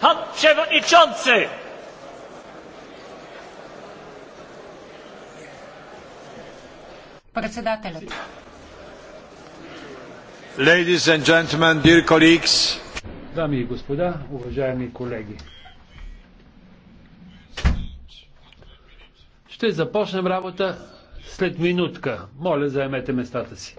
Pan Przewodniczący! Председателят. Ladies and gentlemen, dear colleagues. Дами и господа, уважаеми колеги. Ще започнем работа след минутка. Моля, заемете местата си.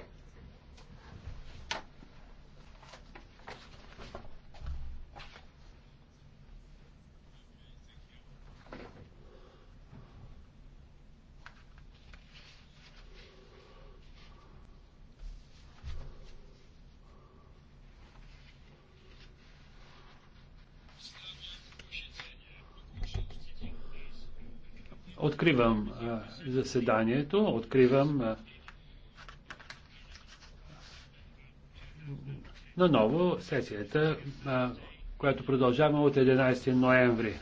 Откривам а, заседанието, откривам наново сесията, а, която продължаваме от 11 ноември.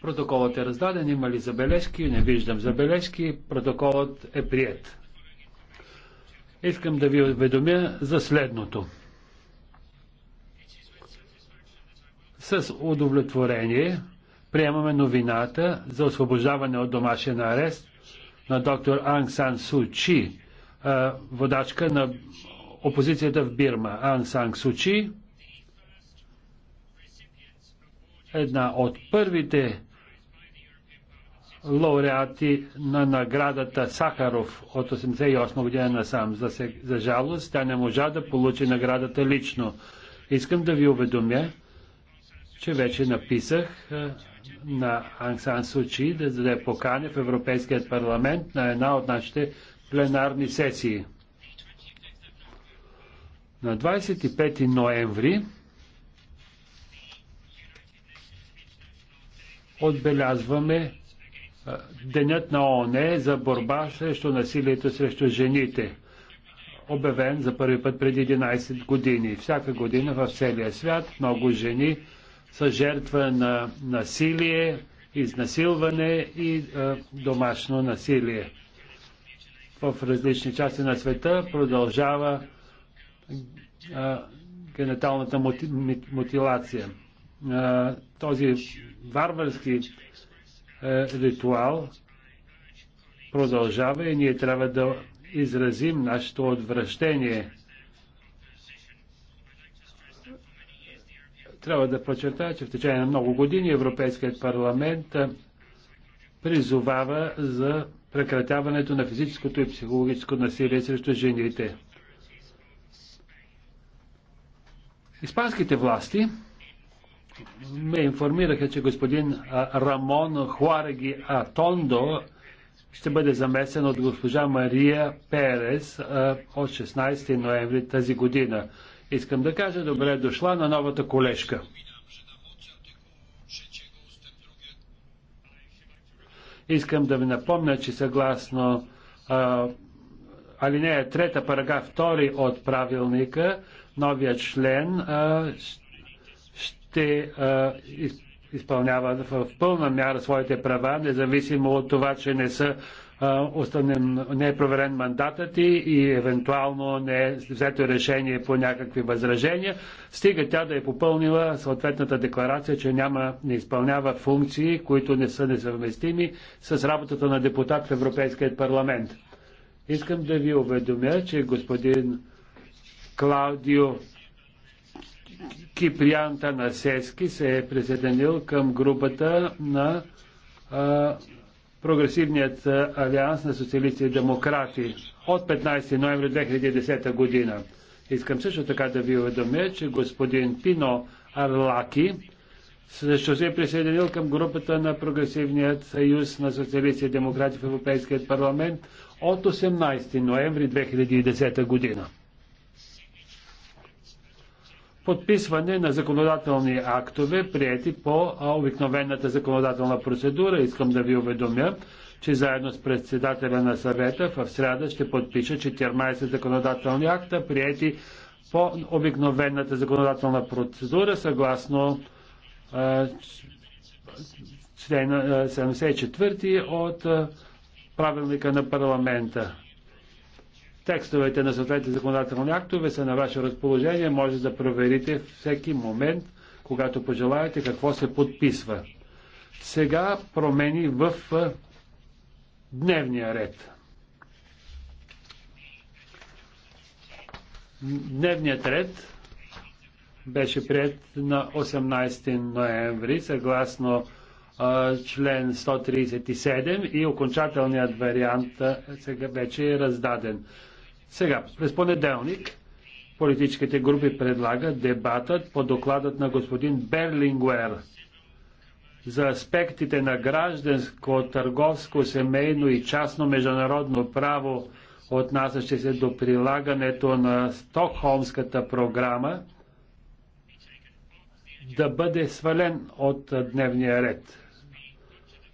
Протоколът е раздаден, има ли забележки? Не виждам забележки. Протоколът е прият. Искам да ви уведомя за следното. С удовлетворение приемаме новината за освобождаване от домашен арест на доктор Анг Сан Су Чи, е, водачка на опозицията в Бирма. Анг Сан Су Чи, една от първите лауреати на наградата Сахаров от 1988 година насам. За, се, за жалост, тя не можа да получи наградата лично. Искам да ви уведомя, че вече написах на Ансан Сучи да даде покане в Европейският парламент на една от нашите пленарни сесии. На 25 ноември отбелязваме Денят на ООН за борба срещу насилието срещу жените, обявен за първи път преди 11 години. Всяка година в целия свят много жени са жертва на насилие, изнасилване и а, домашно насилие. В различни части на света продължава а, генеталната мутилация. А, този варварски а, ритуал продължава и ние трябва да изразим нашето отвращение – Трябва да прочертая, че в течение на много години Европейският парламент призовава за прекратяването на физическото и психологическо насилие срещу жените. Испанските власти ме информираха, че господин Рамон Хуареги Атондо ще бъде замесен от госпожа Мария Перес от 16 ноември тази година. Искам да кажа добре дошла на новата колежка. Искам да ви напомня, че съгласно а, алинея 3, параграф 2 от правилника, новия член а, ще а, изпълнява в пълна мяра своите права, независимо от това, че не са останем, не е проверен мандатът ти и евентуално не е взето решение по някакви възражения, стига тя да е попълнила съответната декларация, че няма, не изпълнява функции, които не са несъвместими с работата на депутат в Европейският парламент. Искам да ви уведомя, че господин Клаудио на Танасески се е присъединил към групата на прогресивният алианс на социалисти и демократи от 15 ноември 2010 година. Искам също така да ви уведомя, че господин Пино Арлаки също се е присъединил към групата на Прогресивният съюз на социалисти и демократи в Европейският парламент от 18 ноември 2010 година подписване на законодателни актове, прияти по обикновената законодателна процедура. Искам да ви уведомя, че заедно с председателя на съвета в среда ще подпиша 14 законодателни акта, прияти по обикновената законодателна процедура, съгласно член 74 от правилника на парламента. Текстовете на съответните законодателни актове са на ваше разположение. Може да проверите всеки момент, когато пожелаете, какво се подписва. Сега промени в дневния ред. Дневният ред беше прият на 18 ноември, съгласно а, член 137 и окончателният вариант а, сега вече е раздаден. Сега, през понеделник, политическите групи предлагат дебатът по докладът на господин Берлингуер за аспектите на гражданско, търговско, семейно и частно международно право, отнасящи се до прилагането на Стокхолмската програма, да бъде свален от дневния ред.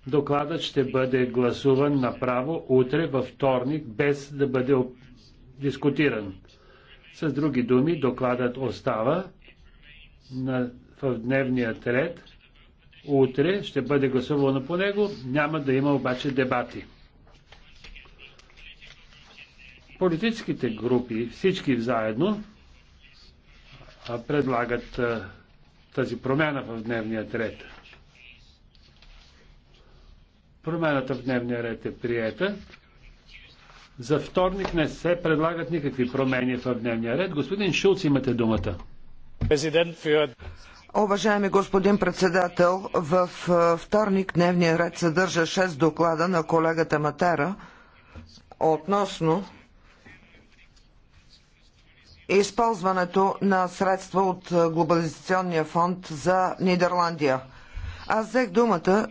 Докладът ще бъде гласуван направо утре във вторник, без да бъде дискутиран. С други думи, докладът остава на, в дневният ред. Утре ще бъде гласувано по него, няма да има обаче дебати. Политическите групи, всички заедно, предлагат тази промяна в дневният ред. Промяната в дневния ред е приета. За вторник не се предлагат никакви промени в дневния ред. Господин Шулц, имате думата. Уважаеми господин председател, в вторник дневния ред съдържа 6 доклада на колегата Матера относно използването на средства от Глобализационния фонд за Нидерландия. Аз взех думата,